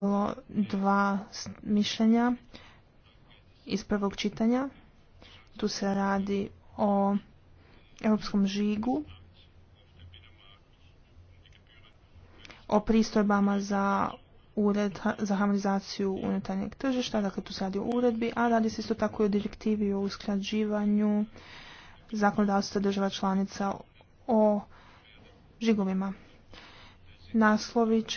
bilo dva mišljenja iz prvog čitanja. Tu se radi o europskom žigu, o pristojbama za ured za harmonizaciju unutarnjeg tržišta, dakle tu se radi o uredbi, a radi se isto tako i o direktivi o usklađivanju zakonodavstva država članica o žigovima. Naslovi će